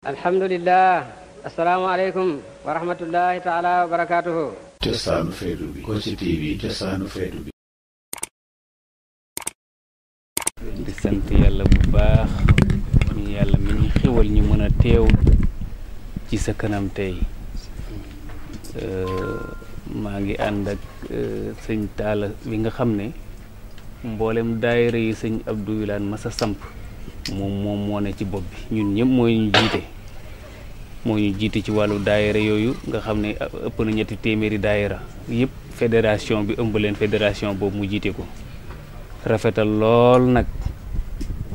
alhamdulilah asalaamaaleykum wa rahmatullahi taala wa barakaatuhu feetu bi Kossy TV cosaanu feetu bi di bu baax yàlla mi ñu mën a teew ci sa kanam euh, maa ngi ànd ak euh, sëñ taala bi nga xam ne hmm. mboolem daayira yi sëñ Abdou Wilane masa samp moom moom moo ne ci bopp bi ñun ñëpp mooy ñu jiite moo ñu jiite ci wàllu daayira yooyu nga xam ne ëpp na ñetti téeméeri daayira yëpp fédération bi ëmb leen fédération boobu mu jiite ko rafetal lool nag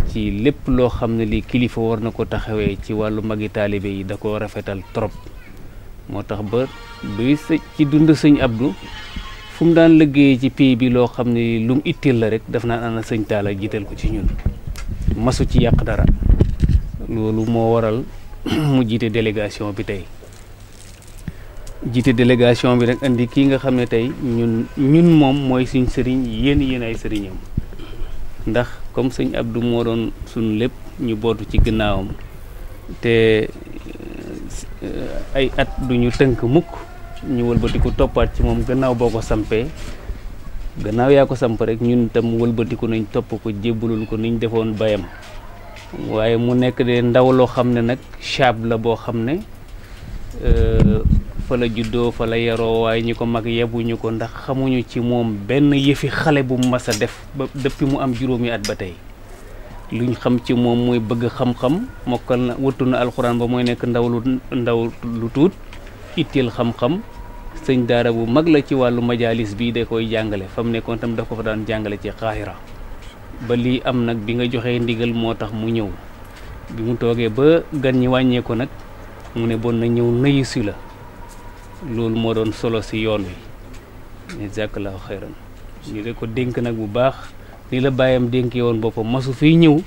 ci lépp loo xam ne lii kilifa war na ko taxawee ci wàllu magi taalibe yi da ko rafetal trop moo tax ba bi ci dund sëñ Abdou fu mu daan liggéeyee ci pays bi loo xam ne lu mu itteel la rek daf naan ana sëñ Talla jiital ko ci ñun masu ci yàq dara loolu moo waral mu jiite délégation bi tey jiite délégation bi rek indi kii nga xam ne tey ñun ñun moom mooy suñ sëriñ yéen yéen ay sëriñam ndax comme sëñ Abdou moo doon suñu lépp ñu bootu ci ginnaawam te euh, ay at duñu tënk mukk ñu walbatiku toppaat ci moom gannaaw boo ko sampee gannaaw yaa ko samp rek ñun tam wëlbatiku nañ topp ko jébbalul ko niñ defoon bayam waaye mu nekk de ndaw loo xam ne nag chab la boo xam ne euh, fa la juddoo fa la yaroo waaye ñu ko mag yebuñu ko ndax xamuñu ci moom benn yëfi xale bu mu a def ba depuis mu am juróomi at ba tey luñ xam ci moom mooy bëgg xam-xam mokkal na wëttu na alxuraan ba mooy nekk ndaw lu ndaw lu tuut itteel xam-xam sëñ daara bu mag la ci wàllu majalis bii da koy jàngale fa mu nekkoon tam daf ko fa daan jàngale ci xaahira ba lii am nag bi nga joxee ndigal moo tax mu ñëw bi mu toogee ba gan ñi wàññeeku nag mu ne bon na ñëw nuyu si la loolu moo doon solo si yoon wi jazakallahu xayran ñu de ko dénk nag bu baax ni la bàyyam dénk yoon boppam masu fiy ñëw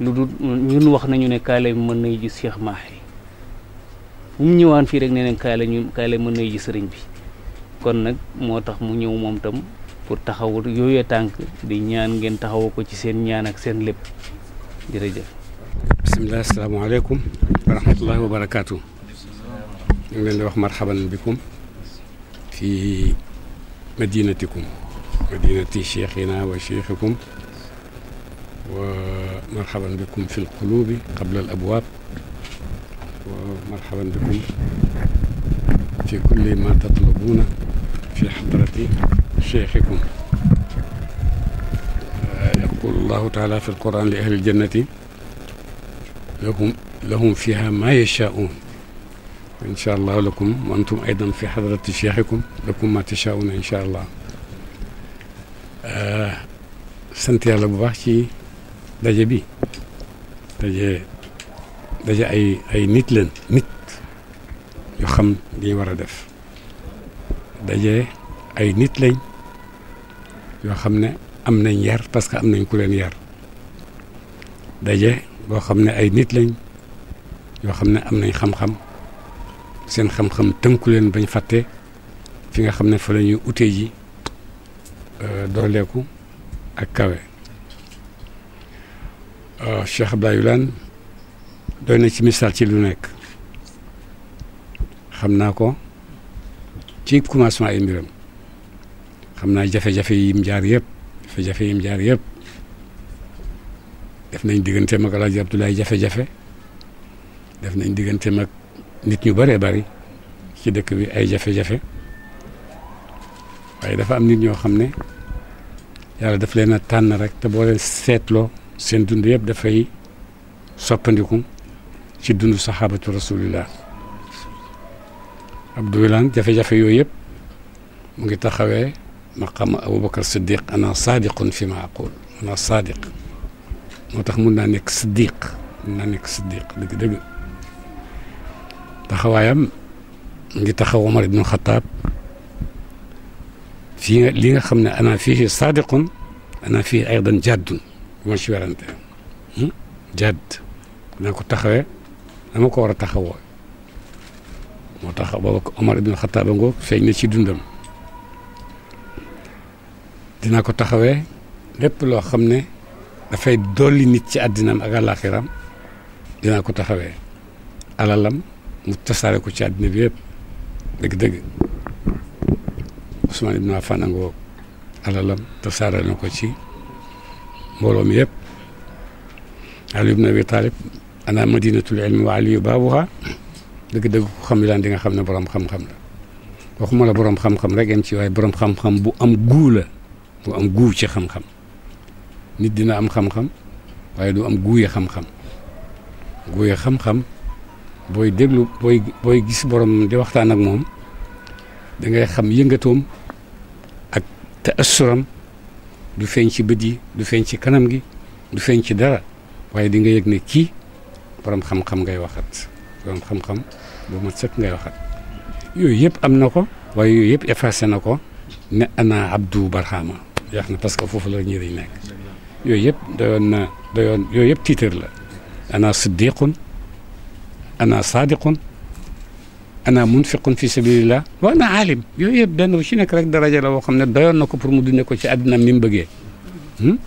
lu dul ñun wax nañu ne kaale mën nay gis Cheikh yi ñëwaan fi rek nee nañ kaay la ñu kaay la mën na ji sëriñ bi kon nag moo tax mu ñëw moom tam pour taxawul yooyee tànk di ñaan ngeen taxawu ko ci seen ñaan ak seen lépp jërëjëf. bisimilah asalaamaaleykum wa rahmatullahi wa barakaatu. ñu leen di wax marhaban bikum fi madinatikum madinati cheikhina wa cheikhikum wa marhaban bikum fi lqulubi qabla al abwab ومرحبا بكم في كل ما تطلبونه في حضرة شيخكم آه، يقول الله تعالى في القرآن لأهل الجنة لهم لهم فيها ما يشاءون إن شاء الله لكم وأنتم أيضا في حضرة شيخكم لكم ما تشاءون إن شاء الله آه، سنتي على bu دجبي دجبي daje ay ay nit leen nit ñu xam li war a def daje ay nit lañ yoo xam ne am nañ yar parce que am nañ ku leen yar daje boo xam ne ay nit lañ yoo xam ne am nañ xam-xam seen xam-xam tënku leen bañ fàtte fi nga xam ne fa la ute utee ji euh, dooleeku ak kawe euh, Cheikh Abdoulaye Wilane دوينا شي مثال تي لونيك خمنا كو تيب كوما اسمع يمبرم خمنا جافا جافا يمجار يب جافا جافا يمجار يب دفنا ندغن تمك على جابت الله جافا جافا دفنا ندغن تمك نت نيو باري باري كي دك بي اي جافا جافا واي دفا ام نيو خمنا يالا دفلينا تان رك تبولي سيتلو سين دوند يب دفاي soppandiku شدون صحابة رسول الله أبدو لان جاف جاف يويب مقيت أخوي مقام أبو بكر الصديق أنا صادق فيما أقول أنا صادق متخمون نك صديق نك صديق دق دق تخوايا مقيت أخو عمر بن الخطاب في لي خمنا أنا فيه صادق أنا فيه أيضا جاد ماشي ورانتا جاد أنا كنت أخوي dama ko war a taxawoo moo tax booba Omar ibn Xattaab ngoog feeñ na ci dundam dina ko taxawee lépp loo xam ne dafay dolli nit ci àddinam ak àllaaxiram dinaa ko taxawee alalam mu tasaare ko ci àddina bi yëpp dëgg-dëgg Ousmane ibn Affan ngoog alalam tasaare na ko ci mbooloo mi yëpp Ali ibn Abi Talib انا مدينه العلم وعلي بابها دك دك خم لان ديغا خم بروم خم خم لا واخما لا بروم خم خم رك امتي واي بروم خم خم بو ام غولا بو ام غو تي خم خم نيت دينا ام خم خم واي دو ام غوي خم خم غوي خم خم بوي دغلو بوي بوي غيس بروم دي وقتان اك موم داغي خم ييغاتوم اك تاسرام دو فنشي بدي دو فنشي كانام غي دو فنشي دارا waaye di nga yëg ne kii borom xam-xam ngay waxat borom xam-xam boo ma ngay waxat yooyu yëpp am na ko waaye yooyu yëpp effacé na ko ne ana Abdou Barhama yaax na parce que foofu la ñi dañ nekk yooyu yëpp yooyu yëpp tiitar la ana siddiqun ana sadiqun ana munfiqun fi sabilillah wa ana aalim yooyu yëpp benn bu ci nekk rek daraja la boo xam ne doyoon na ko pour mu dunde ko ci addina ni mu bëggee hmm?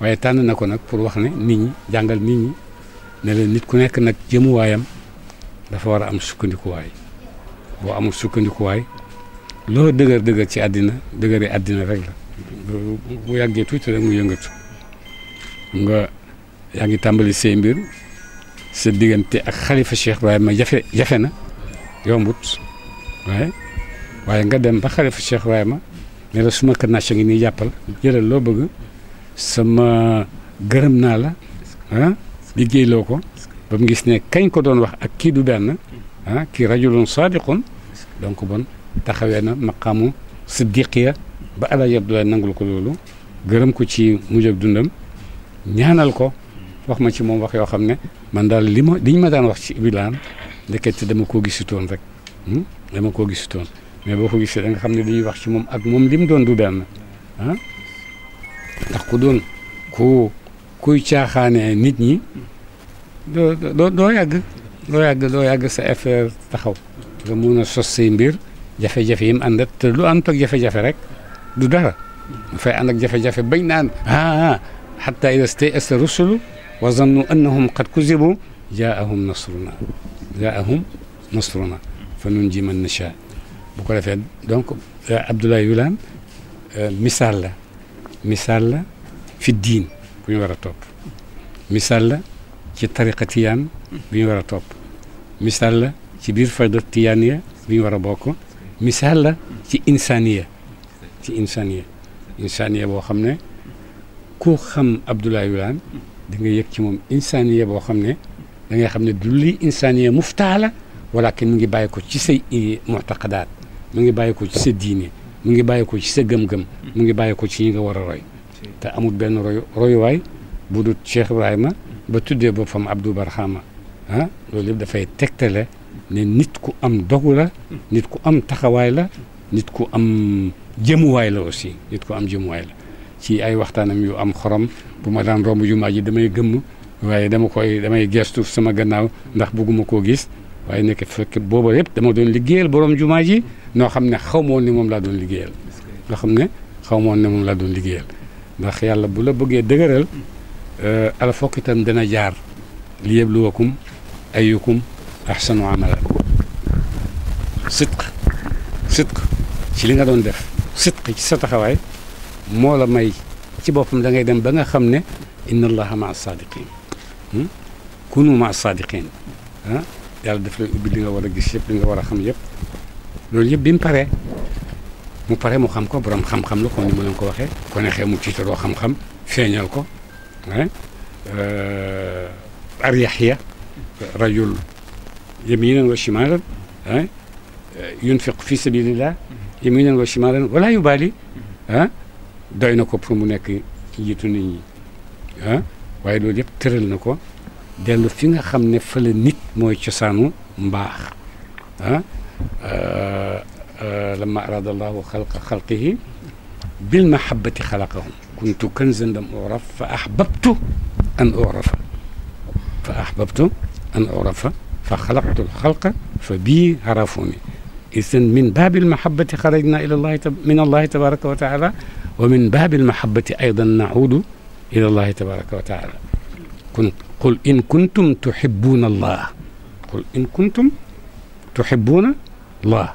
waaye tànn na ko nag pour wax ne nit ñi jàngal ne leen nit ku nekk nag jëmuwaayam dafa war a am sukkandikuwaay boo amul sukkandikuwaay loo dëgër dëgër ci àddina dëgëri àddina rek la bu yàggee tuuti rek mu yëngatu nga yaa ngi tàmbali say mbir sa diggante ak xalifa Cheikh Ibrahima jafe jafe na yombut waaye waaye nga dem ba xalifa Cheikh Ibrahima ne la suma kër ngi nii jàppal jëlal loo bëgg sama gërëm naa la ah liggéeyloo ko ba mu gis ne kañ ko doon wax ak kii du benn ah kii rajulun sadiqun donc bon taxawee na maqaamu siddiqiya ba Alaaji Abdoulaye nangul ko loolu gërëm ko ci mu ak dundam ñaanal ko wax ma ci moom wax yoo xam ne man daal li ma liñ ma daan wax ci bilaan ndekete dama koo gisutoon rek hmm, dama koo gisutoon mais boo ko gisee da nga xam ne li ñuy wax ci moom ak moom li mu doon du benn ah ndax ku doon ku kuy caaxaane nit ñi doo doo doo yàgg doo yàgg doo yàgg sa affaire taxaw nga mun a sos say mbir jafe-jafe yi mu ànd ak te lu ànd ak jafe-jafe rek du dara dafay ànd ak jafe-jafe bañ naan ah xataa ida stay'asa rusulu wa zannu annahum qad kuzibu jaahum nasruna jaahum nasruna fa nunji man nasha bu ko defee donc Abdoulaye Wilane misaal la misaal la fi diin bu ñu war a topp misaal la ci tariqa tiyaan bu ñu war a topp misaal la ci biir fayda tiyaan ya bu ñu war a bokk misaal la ci insaaniya ci insaaniya insaaniya boo xam ne ku xam Abdoulaye Wilane da nga yëg ci moom insaaniya boo xam ne da ngay xam ne du lii insaaniya muftaala walakin mu ngi bàyyi ko ci say eh, mu'taqadaat mu ngi bàyyi ko ci sa diine mu ngi bàyyi ko ci sa gëm-gëm mu ngi bàyyi ko ci ñi nga war a roy te amul benn royu royuwaay bu dul Cheikh ma ba tuddee boppam Abdou Barhama ah loolu yëpp dafay tegtale ne nit ku am dogu la nit ku am taxawaay la nit ku am jëmuwaay la aussi nit ku am jëmuwaay la ci ay waxtaanam yu am xorom bu ma daan romb jumaa ji damay gëmm waaye dama koy damay gestu sama gannaaw ndax bëgguma koo gis waaye nekk fekk booba yëpp dama doon liggéeyal borom jumaa ji noo xam ne xaw ma woon moom laa doon liggéeyal. xam ne xaw ma woon ne moom laa doon liggéeyal. ndax yàlla bu la bëggee dëgëral ala fokk itam dana jaar li lu wakum ayukum ahsanu amala sidq sidq ci li nga doon def sidq ci sa taxawaay moo la may ci boppam da ngay dem ba nga xam ne inna allaha maa saadiqin kunu maa sadiqin ah yàlla daf lay ubbi li nga war a gis yëpp li nga war a xam yëpp loolu yëpp bi mu paree mu pare mu xam ko borom xam-xam la ko ni ma leen ko waxee ku ne xee mu tiitaroo xam-xam feeñal ko euh, ar yaxya rajul yaminan wa shimalan yunfiq fi sabilillah yaminan wa shimalan wala yu ah doy na ko pour mu nekk jiitu nit ñi waaye loolu yëpp tëral na ko dellu fi nga xam ne fa la nit mooy cosaanu mbaax euh, آه، لما أراد الله خلق خلقه بالمحبة خلقهم كنت كنزا لم أعرف فأحببت أن أعرف فأحببت أن أعرف فخلقت الخلق فبي عرفوني إذا من باب المحبة خرجنا إلى الله من الله تبارك وتعالى ومن باب المحبة أيضا نعود إلى الله تبارك وتعالى كنت قل إن كنتم تحبون الله قل إن كنتم تحبون الله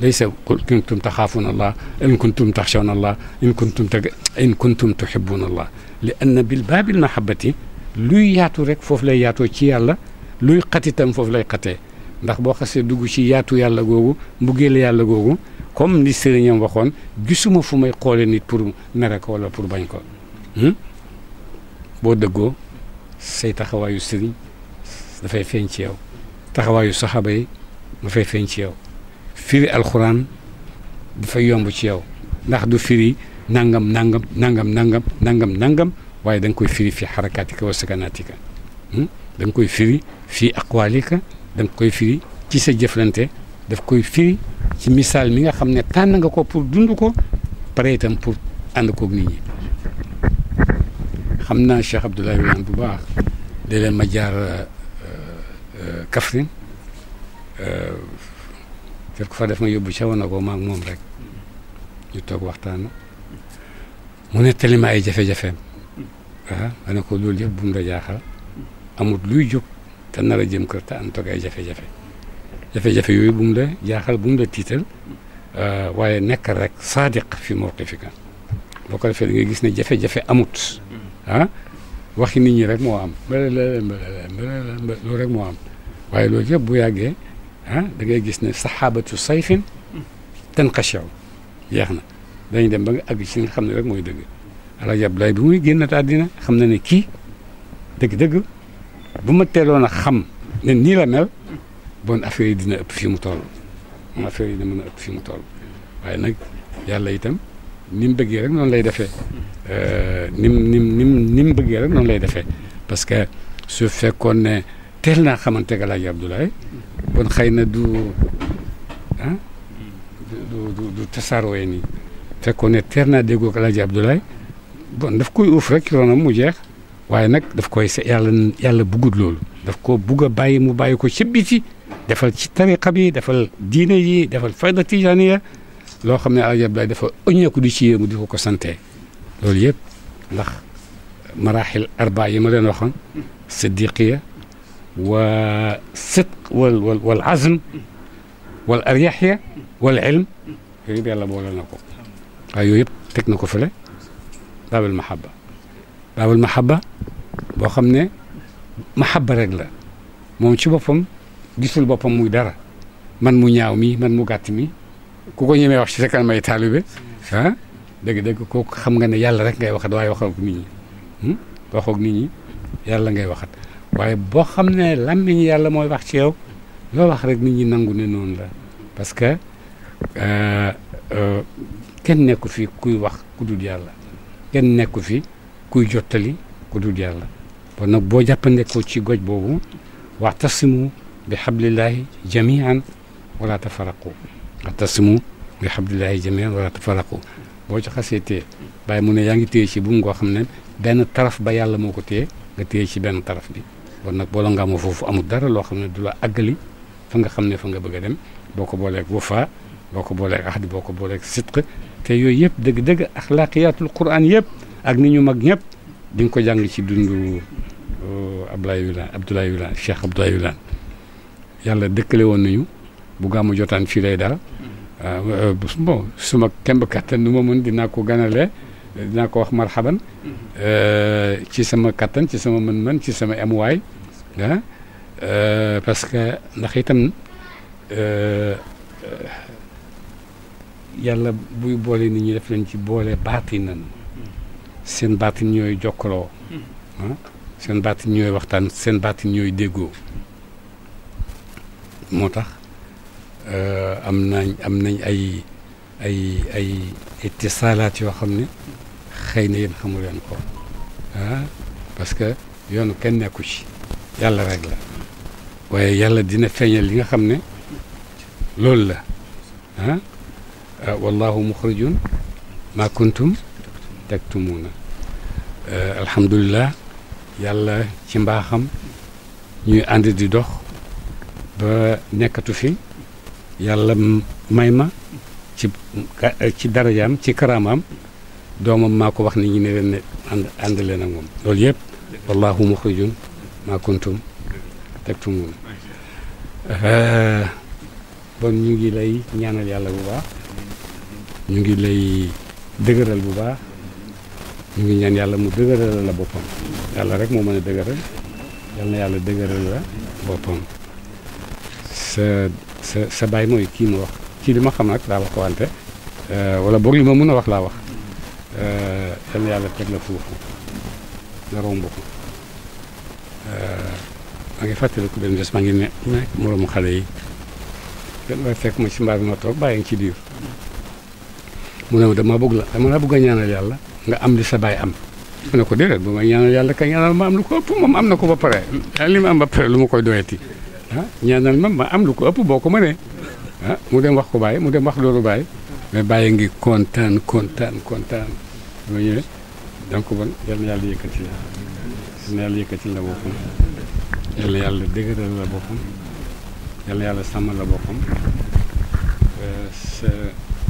ليس قل كنتم تخافون الله إن كنتم تخشون الله إن كنتم تج... إن كنتم تحبون الله لأن بالباب المحبة luy yaatu rek foofu lay yaatoo ci yàlla luy xatitam foofu lay xatee ndax boo xasee dugg ci yaatu yàlla googu mbugeel yàlla googu comme ni sëriñam waxoon gisuma fu may xoole nit pour mere ko wala pour bañ ko boo dëggoo say taxawaayu sëriñ dafay feeñ ci yow taxawaayu saxaaba yi dafay feeñ ci yow firi alxuraan dafa yomb ci yow ndax du firi nangam nangam nangam nangam nangam nangam waaye da nga koy firi fii xarakaatika wa sakanaatika da nga koy firi fii aqwaalika da nga koy firi ci sa jëflante daf koy firi ci misaal mi nga xam ne tànn nga ko pour dund ko pare itam pour ànd koog nit ñi xam naa Cheikh Abdoulaye Wilane bu baax léeg-léeg ma jaar Kaffrine képp ku fa def nga yóbbu ca na ko maag moom rek ñu toog waxtaan mu nettali ma ay jafe-jafeem ne ko loolu yëpp bu jaaxal amut luy jóg te nar jëm kër toog ay jafe-jafe jafe-jafe yooyu bu mu la jaaxal bu mu la tiital euh, waaye nekk rek saadiq fi mawqifika boo ko defee da gis ne jafe-jafe amut ah waxi nit ñi rek moo am loolu rek moo am waaye loolu yëpp bu yàggee. ها دغه گيسنا صحابه صيف تنقشع يخنا داني دم با اك شي خمن رك موي دغ على جاب لاي بو موي ген تادينا خمن ني كي دغ دغ بو ما تيلونا خم ني ني لا مل بون افري دينا اب في مطول ما افري دينا من اب في مطول واي نك يالا يتم نيم بغي رك نون لاي دافي ا آه، نيم نيم نيم نيم بغي نون لاي دافي باسكو سو فيكون تيلنا خمن تيغلا يا عبد الله كون خاينه دو ها دو دو دو تسارو يعني تكون تيرنا ديغو كلا جي عبد الله بون داف كوي اوف رك رانا مو جيخ واي نك داف كوي سي يالا يالا بوغوت لول داف كو بوغا باي مو باي كو شبيتي دافال سي طريقه بي دافال دينا يي دافال فايده تيجانيه لو خامني الله جي عبد الله دافا اونيكو دي سي مو ديكو كو سانتي لول ييب ndax مراحل اربعه يما لين وخان صديقيه والصدق والعزم والاريحيه والعلم يريد يلا بولا نقول ايو يب تكنيكو فلي باب المحبه باب المحبه بوخمني محبه رجلا موم شي بوفم غيسول بوفم موي دارا من مو نياو مي من مو غات مي كوكو نيمي واخ سيكال ماي طالبي ها دغ دغ كوكو خمغا ني يالا رك غاي واخ دواي واخ نيت ني واخوك نيت ني يالا غاي واخات waaye boo xam ne làmmiñ yàlla mooy wax ci yow loo wax rek nit ñi nangu ne noonu la parce que euh, euh, kenn nekku fi kuy wax ku dul yàlla kenn nekku fi kuy jottali ku dul yàlla bon nag boo jàppandekoo ci goj boobu waxtasimu bi xablillahi jamian wala tafaraqu waxtasimu bi xablillahi jamian wala tafaraqu boo ci xasee téye bàyyi mu ne yaa ngi téye ci bu ngoo xam ne benn taraf ba yàlla moo ko téye nga téye ci benn taraf bi kon nag boole ngaa ma foofu amul dara loo xam ne du la aggali fa nga xam ne fa nga bëgg a dem boo ko booleeg wafa boo ko booleeg ahd boo ko booleeg sidq te yooyu yëpp dëgg-dëgg axlaqiyaatul quran yëpp ak ni ñu mag ñëpp dinga ko jàng ci dundu euh, Abdoulaye Wilane Abdoulaye Wilane Cheikh Abdoulaye Wilane yàlla dëkkale woon nañu bu gàmmu jotaan fii lay dara ah, euh, bon suma kemb kàttan nu ma mën dinaa ko ganale dinaa ko wax marxaban ci sama kattan ci sama mën-mën ci sama amuwaay ah parce que ndax itam yàlla buy boole nit ñi def leen ci boole baatinan seen baatin ñooy jokkaloo ah seen baatin ñooy waxtaan seen baatin ñooy déggoo moo tax am nañ am nañ ay ay ay itisaalaat yoo xam ne xeyna yéen xamul leen ko ah parce que yoonu kenn nekku ci yàlla rek la waye yàlla dina feñal li nga xamne ne la ah wallahu mukhrijun ma kuntum taktumuna alhamdullilah yàlla ci mbaxam ñuy ànd di dox ba nekatu fi yàlla mayma ci ci darajam ci karamam doomam maa ko wax nit ñu ne leen ne ànd ànd leen ak moom loolu yëpp wallahu muxrijun maa kuntum taktumun euh, bon ñu ngi lay ñaanal yàlla bu baax ñu ngi lay dëgëral bu baax ñu ngi ñaan yàlla mu dëgëral la boppam yàlla rek moo mën a dëgëral yal yàlla dëgëral la boppam sa sa sa baay mooy kii ma wax kii li ma xam nag daa ko wante euh, wala boog li ma mën a wax laa wax Eh, yal na yàlla teg la foofu na romb ko eh, maa ngi fàttaliku benn bés maa ngi ne nekk moroomu xale yi benn waay fekk ma ci mbaar ma toog bàyyi ngi ci biir mu ne ma dama bëgg la dama la bëgg a ñaanal yàlla nga am li sa baay am mu ne ko déedéet bu ma ñaanal yàlla kay ñaanal ma am lu ko ëpp moom am na ko ba pare li ma am ba pare lu ma koy doyati ah ñaanal ma ma am lu ko ëpp boo ko mënee ah mu dem wax ko bàyyi mu dem wax loolu bàyyi mais bàyyi ngi kontaan kontaan kontaan boo ñëwee donc bon yal na yàlla yëkkati la yal yàlla yëkkati la boppam yal na yàlla dëgëral la boppam yal na yàlla sàmm la boppam euh, sa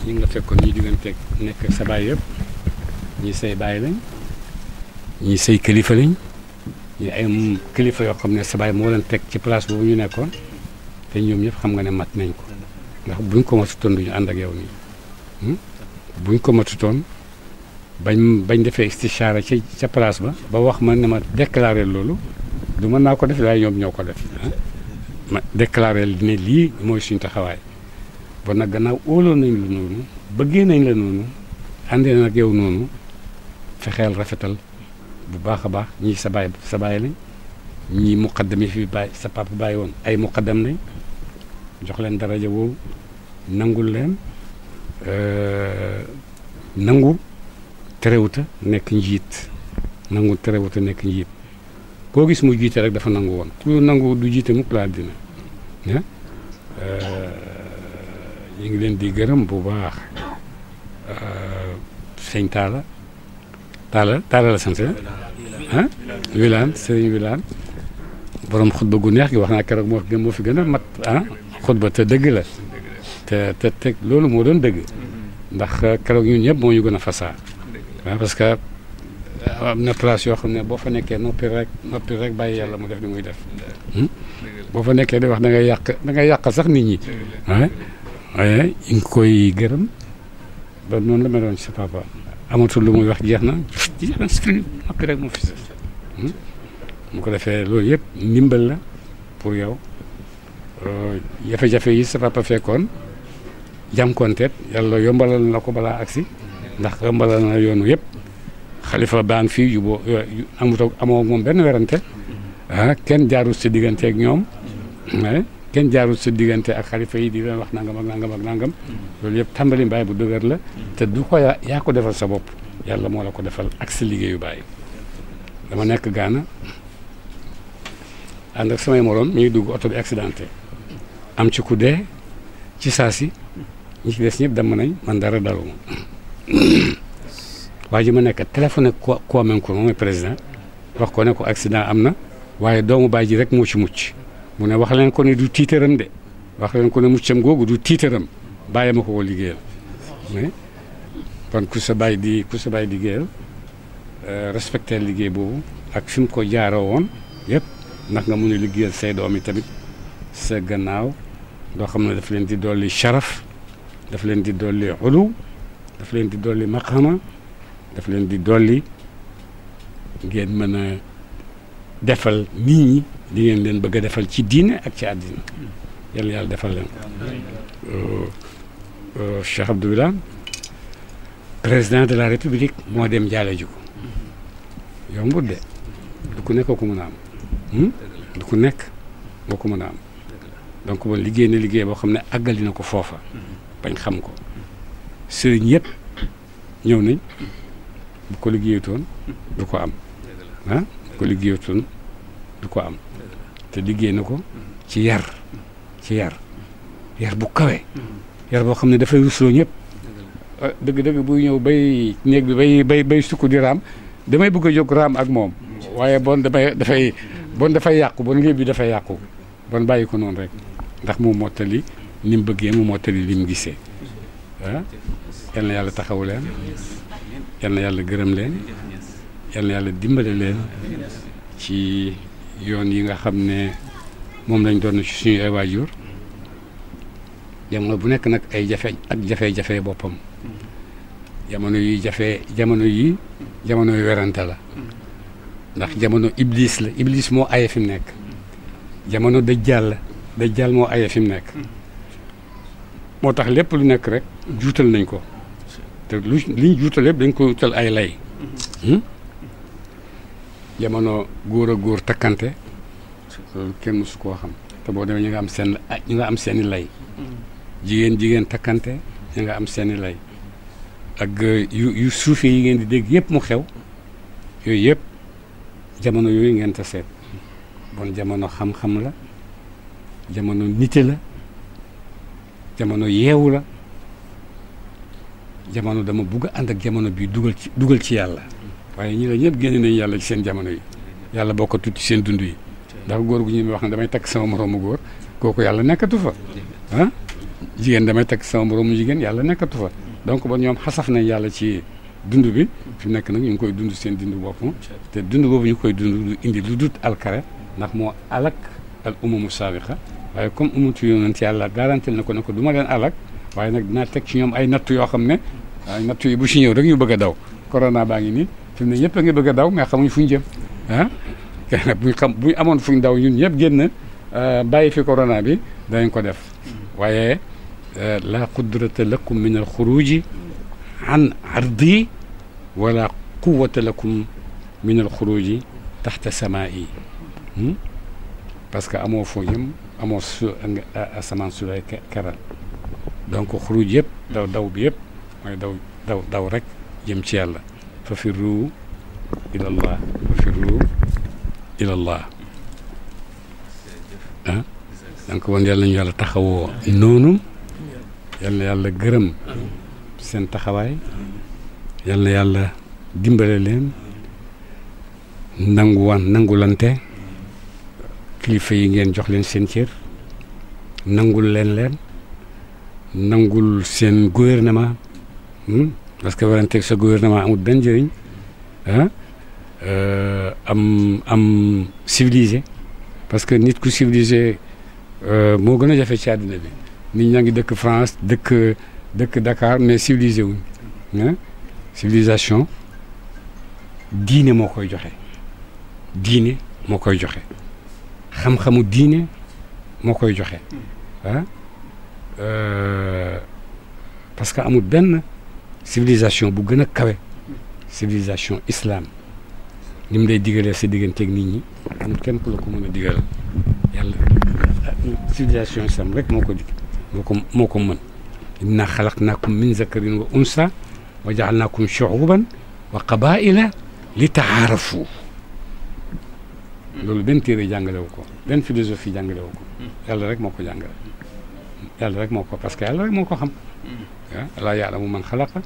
ñi nga fekkoon ñi digganteeg nekk sa baay yëpp ñu say baay lañ ñu say kilifa lañ ñi ay kilifa yoo xam ne sa baay moo leen teg ci place boobu ñu nekkoon te ñoom ñëpp xam nga ne mat nañ ko ndax buñ ko matutoon du ñu ànd ak yow nii hmm? buñ ko matutoon. bañ bañ defee istixaara ci ca place ba. ba wax ma ne ma déclaré loolu lu mën naa ko def waaye ñoom ñoo ko def ah. ma déclaré ne lii mooy suñ taxawaay bon nag gannaaw óoloo nañ la noonu bëggee nañ la noonu àndee nag yow noonu fexeel rafetal bu baax a baax ñii sa baay sa baay lañ ñii muqaddam yi fi bàyyi sa papa bàyyi woon ay muqaddam nañ jox leen daraja woowu nangul leen euh, nangu. terewuta nekk njiit nangu terewuta nekk njiit koo gis mu jiite rek dafa nangu woon ku nangu du jiite mukk laa dina euh, ñu ngi leen di gërëm bu baax euh, sëñ Talla Talla Talla la sant ah Wilane sëriñ Wilane borom xutba gu neex gi wax naa keroog moo fi moo fi gën a mat ah xutba te dëgg la te te teg loolu moo doon dëgg ndax keroog ñun ñëpp moo ñu gën a fasaa waaw ah, parce que euh, am na place yoo xam ne boo fa nekkee noppi rek noppi rek bàyyi yàlla mu def li muy def hmm? boo fa nekkee di wax da ngay yàq da ngay sax nit ñi waaye ah? waaye ñu koy gërëm ba noonu la meloon ci sa papa amatul lu muy wax jeex na jeex na si noppi hmm? mu ko defee loolu yëpp ndimbal la pour yow euh, jafe-jafe yi sa papa fekkoon jànkuwanteet yàlla yombalal na ko balaa agsi ndax rëmbala na yoonu yëpp xalifa baa ngi fii yu amut amoo moom benn werante ah, kenn jaarul sa diggante ak ñoom kenn jaarul sa diggante ak xalifa yi di leen wax nangam ak nangam ak nangam loolu yëpp tàmbali mbaay bu dëgër la te du ko yaa ko defal sa bopp yàlla moo la ko defal ak sa liggéeyu bàyyi dama nekk gaana ànd ak samay moroom ñuy dugg oto bi accidenté am ci ku dee ci saa si ñi ci des ñëpp damm nañ man dara daluma waa ji ma nekk téléphoné ko koo même ko moom mooy président wax ko ne ko accident am na waaye doomu baay ji rek moo ci mucc mu ne wax leen ko ne du tiitaram de wax leen ko ne muccam googu du tiitaram bàyyi ma ko ko liggéeyal kon ku sa baay di ku sa baay liggéeyal euh, respecté liggéey boobu ak fi ko jaaroo woon yëpp ndax nga mun a liggéeyal say doom yi tamit sa gannaaw loo xam ne daf leen di dolli sharaf daf leen di dolli ulu daf leen di dolli maqama daf leen di dolli ngeen mën a defal mii ñi li ngeen leen bëgg a defal ci diine ak ci àddina yàlla yàlla defal leen ko euh, euh, Cheikh Abdoulaye président de la république moo dem jaale ji ko yombut de du ku nekk ko mën a am hmm? du ku nekk moo ko mën a am donc bon liggéey na liggéey boo xam ne àggali na ko foofa hmm. bañ xam ko sëriñ yëpp ñëw nañ bu ko liggéeyatoon du ko am ah ko liggéeyatoon du ko am te liggéey na ko ci yar ci yar yar bu kawe yar boo xam ne dafay rusloo ñëpp ah, dëgg-dëgg buy ñëw bay néeg bi bay bay bay sukk di raam damay bëgg a jóg raam ak moom waaye bon damay dafay bon dafay yàqu bon léeb bi dafay yàqu bon bàyyi ko noonu rek ndax mu mottali ni mu bëggee mu mottali li mu gisee yal na yàlla taxaw leen yal na yàlla gërëm leen yal na yàlla dimbale leen ci yoon yi nga xam ne moom lañ doon ci suñu ay waajur jamono bu nekk nag ay jafe ak jafe-jafe boppam jamono yi jafe jamono yi jamono yu werante la ndax jamono iblis la iblis moo aye fi nekk jamono jàll la dajjal moo aye fi mu nekk moo tax lépp lu nekk rek juutal nañ ko te lu li ñu juutal yëpp dañ ko wutal ay lay mm-hmm. hmm? jamono góor a góor takkante loolu kenn mësu koo xam te boo demee ñu nga am seen ñu nga am seeni lay mm-hmm. jigéen jigéen takkante ñu nga am seeni lay ak uh, yu yu suufee yi ngeen di dégg yëpp mu xew yooyu yëpp jamono yooyu ngeen ta seet bon jamono xam-xam la jamono nite la jamono yeewu la jamono dama bugg ak jamono bi dugal ci dugal ci la ñëpp nañ yàlla ci seen jamono yi yàlla bokkatut ci seen dund yi ndax góor gu ñu wax ne damay takk sama góor kooku yàlla nekkatu fa ah damay takk sama donc ba ñoom xasaf nañ yàlla ci dund bi fi nekk nag ñu koy dund seen dund bopp te dund ñu koy indi lu dut al yonent ne du waaye nag dinaa teg ci ñoom ay natt yoo xam ne ay natt yi bu ci ñëw rek ñu bëgg a daw corona baa ngi nii fi mu ne ñëpp a ngi bëgg a daw mais xamuñ fuñ jëm ah kenn buñ xam buñ amoon fuñ daw ñun ñëpp génn bàyyi fi corona bi dañ ko def waaye la qudrata lakum min al xuruji an ardi wala quwata lakum min al xuruji taxta samaa'i parce que amoo foo jëm amoo su asamaan su lay keral donc xuruj yëpp daw daw bi yëpp mooy daw daw daw rek jëm ci yàlla fa firru ilallah fa firru ilallah ah donc woon yàlla nañu yàlla taxawoo noonu yàlla na yàlla gërëm seen taxawaay yàlla na yàlla dimbale leen nangu nangulante kilifa yi ngeen jox leen seen cër nangul leen leen nangul seen gouvernement hmm? parce que warante sa gouvernement amul benn hein euh am am civilisé parce que nit ku civilisé euh mo a jafé ci aduna bi nit ñangi ngi dëkk France dëkk dëkk Dakar mais civilisé wuñ ah? civilisation diiné mo koy joxé diiné mo koy joxé xam-xamu diiné mo koy joxé hein ah? parce que amul benn civilisation bu gën a kawe civilisation islam ni mu lay digalee sa digganteeg nit ñi amul kenn ku la ko mën a digal yàlla civilisation islam rek moo ko dig moo ko moo ko mën inna xalaqnaakum min zakarin wa unsa wa jaalnaakum shuuban wa qabaila li taarafu loolu benn téere jàngalewu ko benn philosophie jàngalewu ko yàlla rek moo ko jàngale yàlla rek moo ko yàlla moo ko xam. waaw laa yàlla mu man xalaqa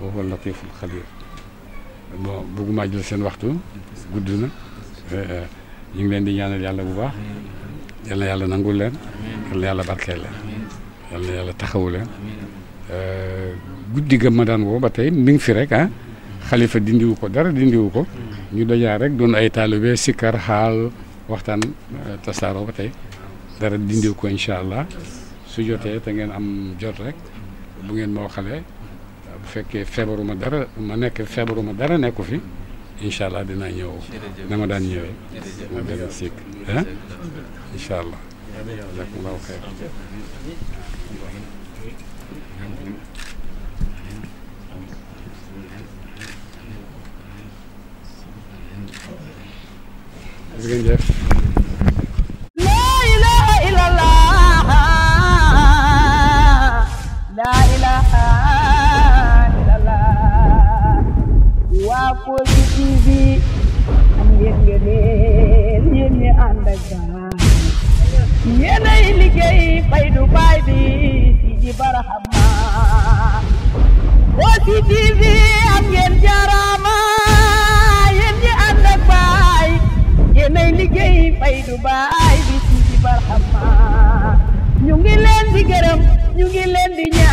wa huwa latiful xabiir bon bëgguma jël seen waxtu gudd na ñu ngi leen di ñaanal yàlla bu baax yal yàlla nangul leen yal na yàlla barkeel leen yal na yàlla taxawu guddi ga ma daan woo ba tey mi ngi fi rek ah xalifa dindiwu ko dara dindiwu ko mm. ñu dajaa rek doon ay taalibe sikkar xaal waxtaan tasaaroo ba tey dara dindiwu ko incha allah su jotee te ngeen am jot rek bu ngeen ma waxalee bu fekkee feebaru ma dara ma nekk feebaru ma dara nekku fi incha allah dinaa ñëw na ma daan ñëwee ma dem sikk ah allah jazakumullahu yéenay liggéey ñu ngi leen di gërëm ñu ngi leen di ñaan